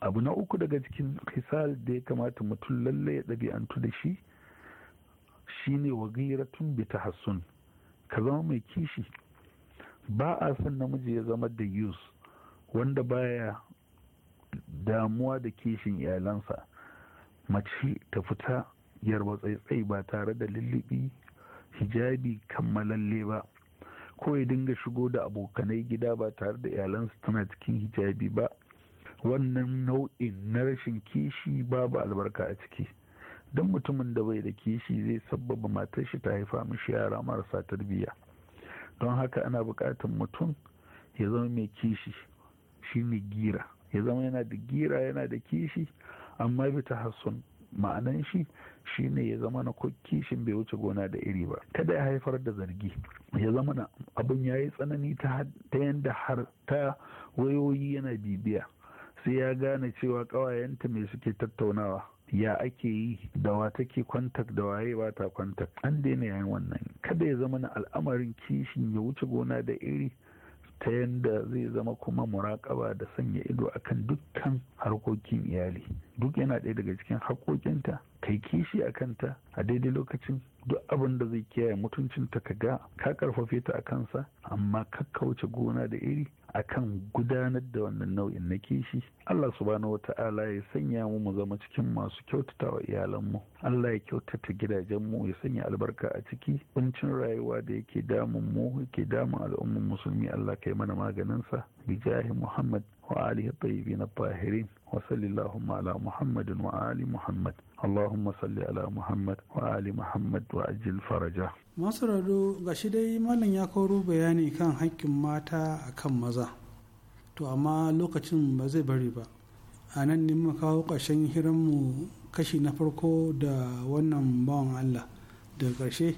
abu na uku daga cikin hisal da ya kamata mutum lallai ya ɗabi'antu da shi shine tun bi Hassun. ka zama mai kishi ba a son namiji ya zama da yus wanda baya damuwa da kishin iyalansa mace ta fita yarba tsaitsai ba tare da lullubi hijabi kammalalle ba ko ya dinga shigo da abokanai gida ba tare da iyalansu tana cikin hijabi ba wannan nau'in na rashin kishi babu albarka a ciki don mutumin da bai da kishi zai sabbaba matar shi ta haifa mishi yara marasa tarbiyya don haka ana buƙatar mutum ya zama mai kishi shine gira ya zama yana da gira yana da kishi amma bi ta hassun ma'anan shi shine ya zama na kishin bai wuce gona da iri ba kada ya haifar da zargi ya zama na abin ya yi tsanani ta yadda har ta wayoyi yana bibiya sai ya gane cewa ƙawayenta mai suke tattaunawa ya ake yi da wa take kwantak da waye ba ta kwantak an daina yayin wannan kada ya zama na al'amarin kishin ya wuce gona da iri ta yadda zai zama kuma muraƙaba da sanya ido akan dukkan harkokin iyali duk yana ɗaya daga cikin haƙoƙinta kai kishi a kanta a daidai lokacin duk abin da zai kiyaye mutuncinta ka ga ka karfafe ta a kansa amma kakkauce gona da iri a kan gudanar da wannan nau'in na kishi Allah subhanahu wata'ala ya sanya mu mu zama cikin masu kyautatawa iyalanmu Allah ya kyautata gidajenmu ya sanya albarka a ciki kuncin rayuwa da yake damun mu yake damun al'ummar musulmi Allah kai mana maganinsa bijahi Muhammad وآله الطيبين الطاهرين وصل اللهم على محمد وآل محمد اللهم صل على محمد وآل محمد وأجل فرجه masu ga shi dai malam ya koro bayani kan haƙƙin mata a kan maza to amma lokacin ba zai bari ba a nan ne kawo ƙarshen hiranmu kashi na farko da wannan bawan allah daga ƙarshe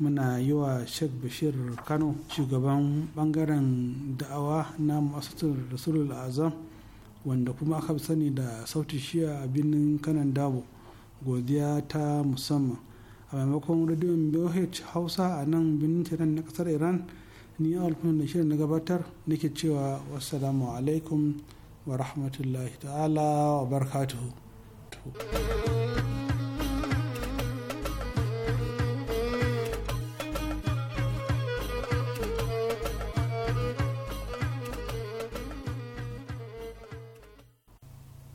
muna yi wa sheikh bashir kano shugaban bangaren da'awa na masarar rasulul azam wanda kuma aka sani da sauti shiya a birnin kanan dabo godiya ta musamman a maimakon radiyon boh hausa a nan birnin tehran na kasar iran ni a da shirin na gabatar nake cewa wassalamu alaikum wa rahmatullahi ta'ala wa barakatuhu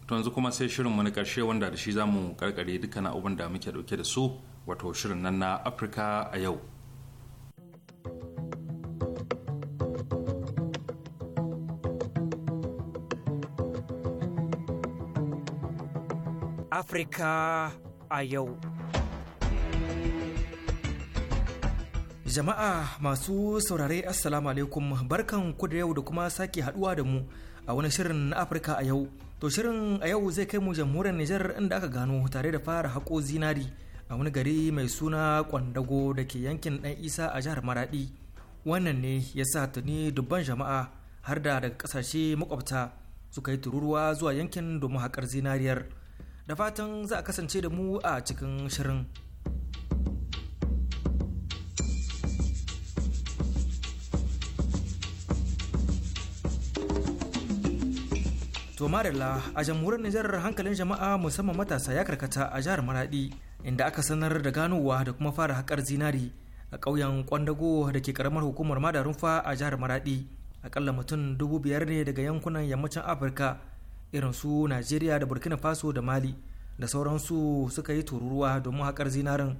to yanzu kuma sai shirinmu na karshe wanda da shi za mu karkare dukkan abin da muke dauke da su wato shirin nan na afirka a yau afirka a yau jama'a masu saurare assalamu alaikum barkan ku da yau da kuma sake haɗuwa da mu a wani shirin na afirka a yau To shirin a yau zai kai mu jamhuriyar Nijar inda aka gano tare da fara haƙo zinari a wani gari mai suna Kwandago da ke yankin ɗan Isa a jihar Maraɗi. Wannan ne ya sa tuni dubban jama'a har da daga ƙasashe makwabta suka yi tururuwa zuwa yankin domin haƙar zinariyar. Da fatan za a kasance da mu a cikin shirin. To marilla a jamhuriyar Nijar hankalin jama'a musamman matasa ya karkata a jihar Maradi inda aka sanar da ganowa da kuma fara haƙar zinari a ƙauyen Kwandago da ke karamar hukumar Madarunfa a jihar Maradi. Akalla mutum dubu biyar ne daga yankunan yammacin Afirka irin su Najeriya da Burkina Faso da Mali da sauransu suka yi tururuwa domin haƙar zinarin.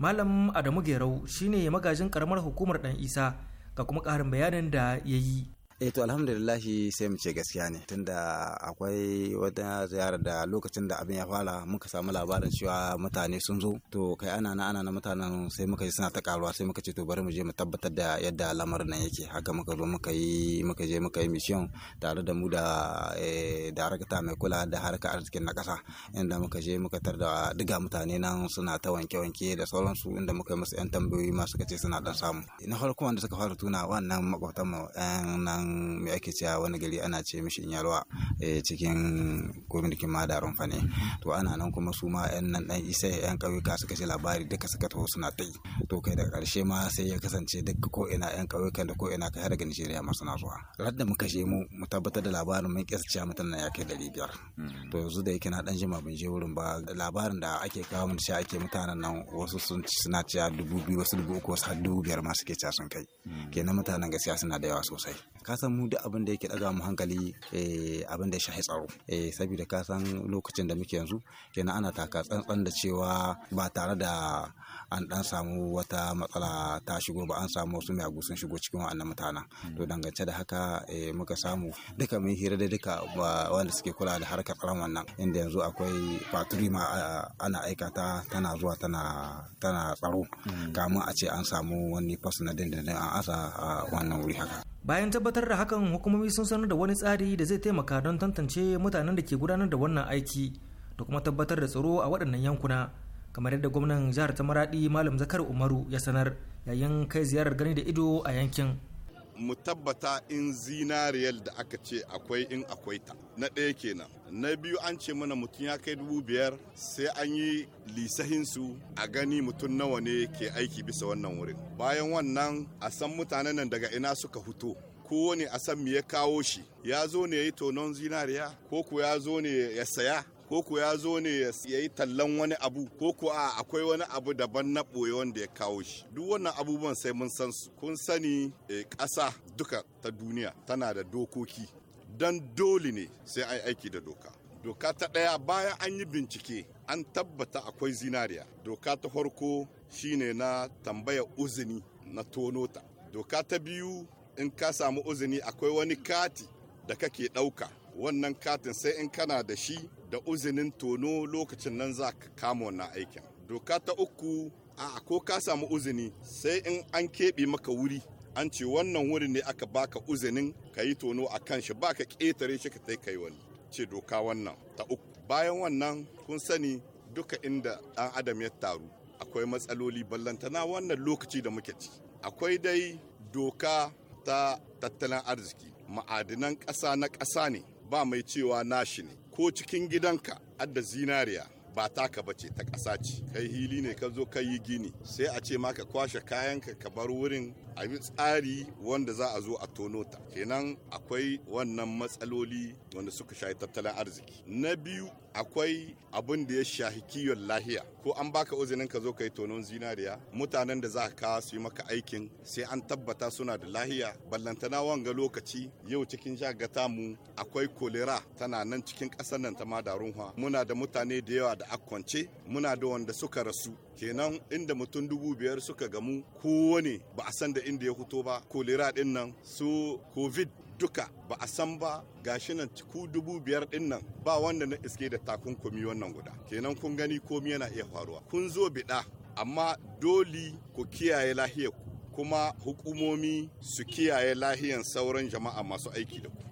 Malam Adamu Gerau shine magajin karamar hukumar ɗan Isa ga kuma ƙarin bayanin da ya yi. eh to alhamdulillahi sai mu ce gaskiya ne tunda akwai wata ziyara da lokacin da abin ya fara muka samu labarin cewa mutane sun zo to kai ana na ana na mutanen sai muka ji suna ta karuwa sai muka ce to bari mu je mu tabbatar da yadda lamarin nan yake haka muka zo muka yi muka je muka yi mission tare da mu da eh, da harkata mai kula da harkar arzikin na kasa inda muka je muka tar da diga mutane nan suna ta wanke-wanke da sauransu inda muka yi musu 'yan tambayoyi masu kace suna dan samu na farko wanda suka fara tuna wannan makwatan mu nan mai ake cewa wani gari ana ce mishi inyalwa eh, cikin gwamnatin madarun fa ne to ana nan kuma su ma yan nan dan isa yan kauyuka suka ce labari duka suka taho suna ta yi to kai da karshe ma sai ya kasance duka ko ina yan kauyukan da ko ina kai daga nigeria ma suna zuwa rad da muka je mu mu tabbatar da labarin mun kisa cewa mutum nan ya kai dari biyar mm. to yanzu da yake na dan jima bin je wurin ba labarin da ake kawo mun sha ake mutanen nan wasu sun suna cewa dubu biyu wasu dubu uku wasu har dubu biyar ma suke cewa sun kai mm. kenan mutanen gaskiya suna da yawa sosai ka san mu duk abin da yake daga mu hankali eh, abin da ya shahi tsaro eh, saboda ka san lokacin da muke yanzu kenan ana taka tsantsan da cewa ba tare da an dan samu wata matsala ta shigo ba an samu wasu mai sun shigo cikin wa'annan mutanen hmm. to dangance da haka eh, muka samu duka mun hira da duka wanda suke kula da harkar tsaron wannan inda yanzu akwai faturi ma ana aikata tana zuwa tana tana tsaro hmm. kamun a ce an samu wani fas na dindindin an asa a wannan wuri haka bayan tabbatar da hakan hukumomi sun sanar da wani tsari da zai taimaka don tantance mutanen da ke gudanar da wannan aiki da kuma tabbatar da tsaro a waɗannan yankuna kamar yadda gwamnan jihar ta maradi malam zakar umaru ya sanar yayin kai ziyarar gani da ido a yankin mu tabbata in zinariyar da aka ce akwai in akwai ta na ɗaya kenan na biyu an ce mana mutum ya kai dubu biyar sai an yi lisahinsu a gani mutum nawa ne ke aiki bisa wannan wurin bayan wannan a san mutanen nan daga ina suka fito kowane a san me ya kawo shi ya zo ne ya yi tonon zinariya ko ku ya zo ne ya saya ko ku ya zo ne ya yi tallan wani abu ko ku a akwai wani abu daban na ɓoye wanda ya kawo shi duk wannan abubuwan sai mun san su kun sani eh, ƙasa duka ta duniya tana da dokoki don dole ne sai an aiki da doka doka ta ɗaya bayan an yi bincike an tabbata akwai zinariya doka ta farko shine na tambaya uzini na tonota doka ta biyu in ka samu uzini akwai wani kati da kake ɗauka wannan katin sai in kana da shi da uzinin tono lokacin nan za ka kama wannan aikin doka ta uku a ko ka samu uzini sai in an keɓe maka wuri an ce wannan wuri ne aka baka uzinin ka yi tono a kan shi baka ƙetare shi ka tai kai wani ce doka wannan ta uku bayan wannan kun sani duka inda ɗan adam ya taru akwai matsaloli ballantana wannan lokaci da muke ci akwai dai doka ta tattalin arziki ma'adinan ƙasa na ƙasa ne ba mai cewa nashi ne ko cikin gidanka adda zinariya ba taka ba ce ta ƙasa ce kai hili ne ka zo kai yi gini sai a ce maka kwashe kayanka ka bar wurin a bi tsari wanda za a zo a tono ta kenan akwai wannan matsaloli wanda suka shayi tattalin arziki na biyu akwai abin da ya shahi kiyon lahiya ko an baka uzinin ka zo ka yi tonon zinariya mutanen da za ka su yi maka aikin sai an tabbata suna da lahiya ballantana wanga lokaci yau cikin shagata mu akwai kolera tana nan cikin ƙasar nan ta madarunwa muna da mutane da yawa da akwance muna da wanda suka rasu kenan inda mutum dubu biyar suka gamu kowane ba a san da inda ya fito ba kolera din nan su covid duka ba a san ba ga shi nan ku dubu biyar din nan ba wanda na iske da takunkumi wannan guda kenan kun gani komi yana iya faruwa kun zo biɗa amma dole ku kiyaye lahiyar kuma hukumomi su kiyaye lahiyar sauran jama'a masu aiki da ku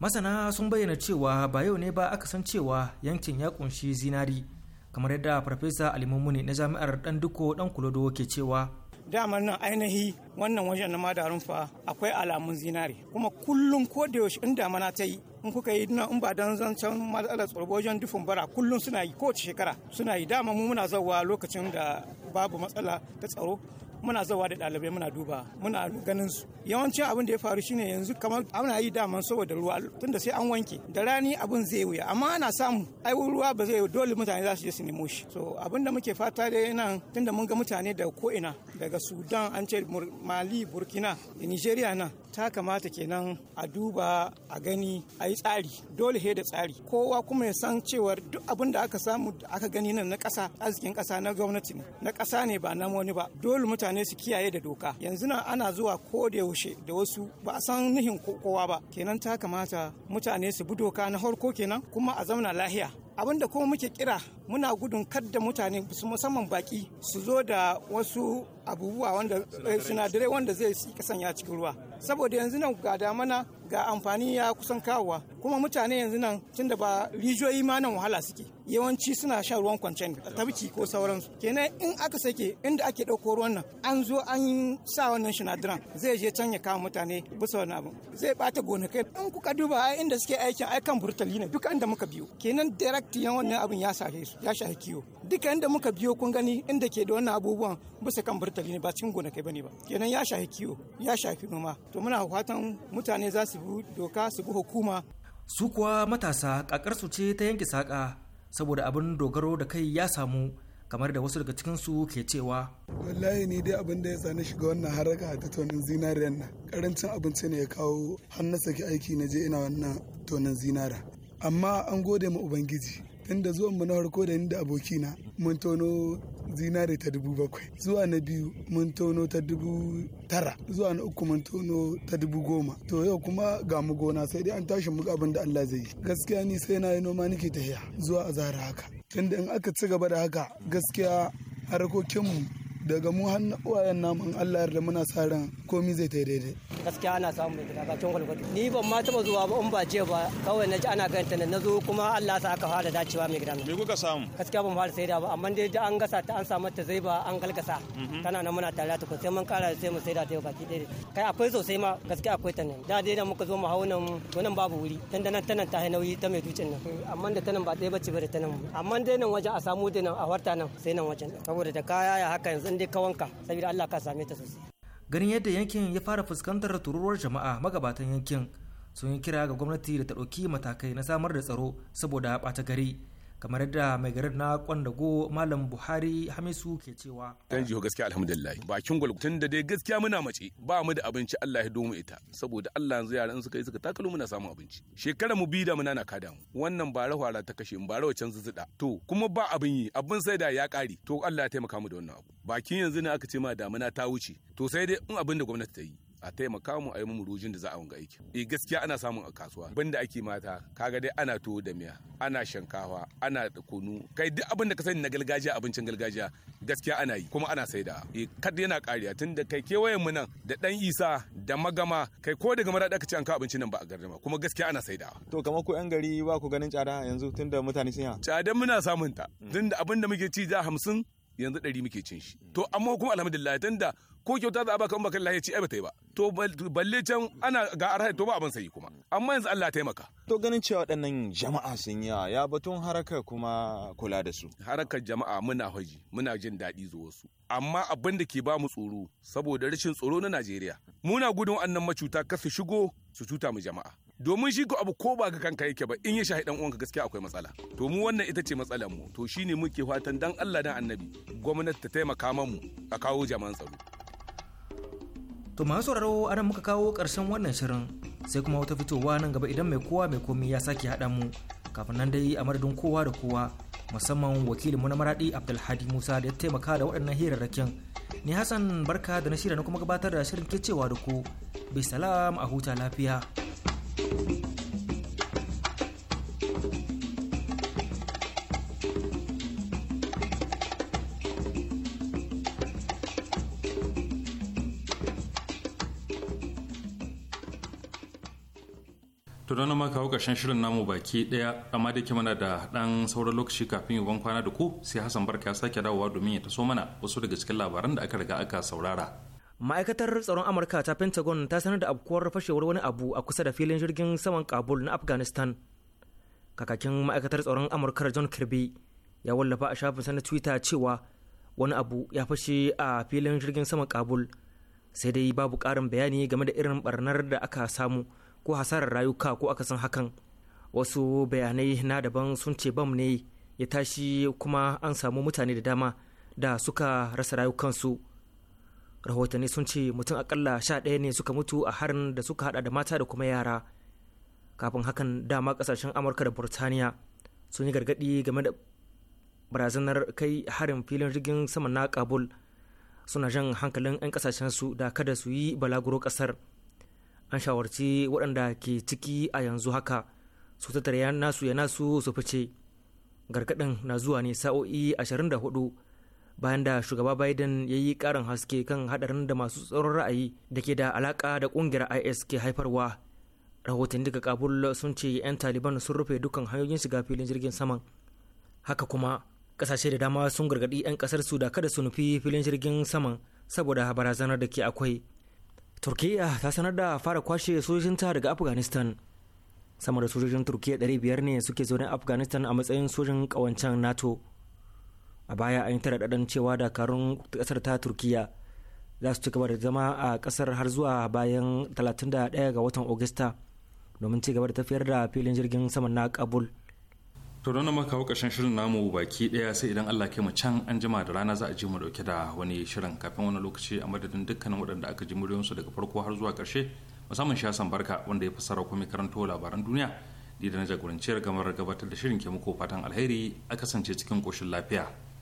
masana sun bayyana cewa ba yau ne ba aka san cewa yankin ya kunshi zinari kamar yadda farfesa ne na jami'ar dan duko dan kulodo ke cewa daman nan ainihi wannan wajen na madarun fa akwai alamun zinare kuma kullum ko da yaushe in damana ta yi in kuka yi na in ba dan zancen matsalar tsorbo wajen dufin bara kullum suna yi kowace shekara suna yi dama mu muna zawa lokacin da babu matsala ta tsaro muna zawa da ɗalibai muna duba muna ganin su yawancin abin da ya faru shine yanzu kamar ana yi daman saboda ruwa tunda sai an wanke da rani abin zai wuya amma ana samu ai ruwa ba zai dole mutane za su je su nemo shi so abin da muke fata dai nan tunda mun ga mutane da ko ina daga Sudan an ce Mali Burkina da Nigeria nan ta kamata kenan a duba a gani a yi tsari dole he da tsari kowa kuma ya san cewar duk abin da aka samu aka gani nan na ƙasa arzikin ƙasa na gwamnati ne na ƙasa ne ba na wani ba dole mutane mutane su kiyaye da doka yanzu nan ana zuwa ko da yaushe da wasu ba a san nihin kowa ba kenan ta kamata mutane su bi doka na harko kenan kuma a zauna lahiya abin da kuma muke kira muna gudun kadda mutane su musamman baki su zo da wasu abubuwa wanda eh, sinadarai wanda zai sanya cikin ruwa saboda yanzu nan ga damana ga amfani ya kusan kawowa kuma mutane yanzu nan tun da ba rijiyoyi ma nan wahala suke yawanci suna shan ruwan kwancen tabki ko sauransu kenan in aka sake inda ake ɗauko ruwan nan an zo an yi sa wannan sinadiran. zai je can ya kawo mutane bisa wani abu zai bata gonakai in kuka duba ai inda suke aikin ai kan burtali ne duka inda muka biyo kenan direct yan wannan abin ya sare su ya shafi kiwo duka inda muka biyo kun gani inda ke da wannan abubuwan bisa kan burtali ne ba cikin gonakai bane ba kenan ya shafi kiwo ya shafi noma to muna fatan mutane za su bi doka su bi hukuma su kuwa matasa kakarsu ce ta yanke saƙa saboda abin dogaro da kai ya samu kamar da wasu daga cikinsu ke cewa wallahi ne dai abin da ya sani shiga wannan haraka ta tonin zinariyar nan karancin abinci ne ya kawo hannun saki aiki na je ina wannan tonin zinara amma an gode ma ubangiji tunda zuwan mu na farko da ni da abokina mun tono zinare ta dubu bakwai zuwa na biyu mun tono ta dubu tara zuwa na uku mun tono ta dubu goma to yau kuma ga mu gona sai dai an tashi muka abin da Allah zai yi gaskiya ni sai na yi noma nake tafiya zuwa zara haka tunda in aka ci gaba da haka gaskiya harkokinmu daga mu har na uwayen namu in Allah yarda muna sa ran komi zai ta daidai gaskiya ana samu ta bakin gwalgwado ni ban ma taba zuwa ba in ba je ba kawai na ji ana ganta na zo kuma Allah sa aka fara dacewa mai gida me kuka samu gaskiya ban fara saida ba amma dai an gasa ta an samu ta zai ba an galgasa mhm. tana nan muna tare ta ko sai mun kara sai mu da ta baki daidai kai akwai sosai ma gaskiya akwai ta nan da dai da muka zo mu hau nan nan babu wuri tun da nan tanan ta nauyi ta mai dutsen nan eh, amma da tanan ba ɗaya bace ba da tanan amma dai nan wajen a samu da nan a warta nan sai nan wajen saboda da kaya ya haka yanzu san dai kawanka saboda Allah ka same ta sosai ganin yadda yankin ya fara fuskantar tururuwar jama'a magabatan yankin sun yi kira ga gwamnati da ta ɗauki matakai na samar da tsaro saboda ɓata gari kamar yadda mai garin na kwandago malam buhari hamisu ke cewa dan jiho gaskiya alhamdulillah bakin gwal tun da dai gaskiya muna mace ba mu da abinci Allah ya domu ita saboda Allah yanzu yaran suka yi suka takalo muna samun abinci shekara mu bida muna na kada mu wannan bara rahwara ta kashe mu bara wacan zuzuda to kuma ba abin yi abin sai da ya kare to Allah ya taimaka mu da wannan abu bakin yanzu ne aka ce ma damuna ta wuce to sai dai in abin da gwamnati ta yi a taimaka mu a yi mu rujin da za a wanga aiki eh gaskiya ana samun a kasuwa banda ake mata kaga dai ana tuwo da miya ana shankawa ana kunu kai duk abin da ka sani na gargajiya abincin gargajiya gaskiya ana yi kuma ana saida eh kad yana kariya tunda kai kewayen mu nan da dan isa da magama kai ko daga marada ka ci an ka abincin nan ba a gardama kuma gaskiya ana saida to kamar ku yan gari ba ku ganin tsada yanzu tunda mutane sun ya tsada muna samun ta mm. tunda abin da muke ci da hamsin yanzu ɗari muke cin shi mm. to amma kuma alhamdulillah tunda ko kyauta za a baka in baka ya ci ba ta yi ba to balle can ana ga arha to ba abin sai kuma amma yanzu Allah taimaka to ganin cewa waɗannan jama'a sun yi ya batun haraka kuma kula da su harakar jama'a muna haji muna jin daɗi zuwa su amma abin da ke ba mu tsoro saboda rashin tsoro na Najeriya muna gudun annan macuta kar su shigo su cuta mu jama'a domin shi ko abu ko ba ga kanka yake ba in ya shahi dan uwanka gaskiya akwai matsala to mu wannan ita ce matsalar mu to shine muke fatan dan Allah dan Annabi gwamnati ta taimaka mu a kawo jama'an tsaro To masu sauraro nan muka kawo ƙarshen wannan shirin sai kuma wata fitowa nan gaba idan mai kowa mai komi ya sake haɗa mu kafin nan dai a madadin kowa da kowa musamman wakilinmu na maraɗi Abdulhadi Musa da ya taimaka da waɗannan hirarrakin. Ni Hassan barka da na shirya na kuma gabatar da shirin ke cewa da ku. Bisalam a huta lafiya. thank you kawo ƙarshen shirin namu baki daya amma da mana da ɗan sauran lokaci kafin yawan kwana da ku sai Hassan Barka ya sake dawowa domin ya taso mana wasu daga cikin labaran da aka riga aka saurara. Ma'aikatar tsaron Amurka ta Pentagon ta sanar da abkuwar fashewar wani abu a kusa da filin jirgin saman Kabul na Afghanistan. Kakakin ma'aikatar tsaron amurka John Kirby ya wallafa a shafinsa na Twitter cewa wani abu ya fashe a filin jirgin saman Kabul sai dai babu karin bayani game da irin barnar da aka samu. ko hasarar rayuka ko aka san hakan wasu bayanai na daban sun ce bam ne ya tashi kuma an samu mutane da dama da suka rasa rayukansu rahotanni sun ce mutum akalla sha ɗaya ne suka mutu a harin da suka hada da mata da kuma yara kafin hakan dama kasashen amurka da burtaniya sun yi gargaɗi game da barazanar kai harin filin jirgin sama na kabul suna jan hankalin 'yan kasashen su da kada su yi balaguro kasar an shawarci waɗanda ke ciki a yanzu haka su tattara yan nasu ya nasu su fice gargaɗin na zuwa ne sa'o'i 24 bayan da shugaba biden ya yi ƙarin haske kan haɗarin da masu tsoron ra'ayi da ke da alaƙa da ƙungiyar is ke haifarwa rahoton daga kabul sun ce 'yan taliban sun rufe dukkan hanyoyin shiga filin jirgin saman haka kuma ƙasashe da dama sun gargaɗi 'yan ƙasar su da kada su nufi filin jirgin saman saboda barazanar da ke akwai turkiya ta sanar da fara kwashe sojojinta daga afghanistan sama da sojojin turkiya 500 ne suke zaune afghanistan a matsayin sojin kawancen nato a baya an yi taraɗaɗan cewa dakarun ƙasar ta turkiya za su ci gaba da zama a kasar har zuwa bayan 31 ga watan augusta domin ci gaba da tafiyar da filin jirgin saman na kabul to don nan kawo ƙarshen shirin namu baki ɗaya sai idan Allah kai mu can an jima da rana za a ji mu dauke da wani shirin kafin wani lokaci a madadin dukkanin waɗanda aka ji muryoyinsu daga farko har zuwa ƙarshe musamman shasan barka wanda ya fi fassara kuma karanto labaran duniya ni da na jagoranciyar gamar gabatar da shirin ke muku fatan alheri a kasance cikin koshin lafiya.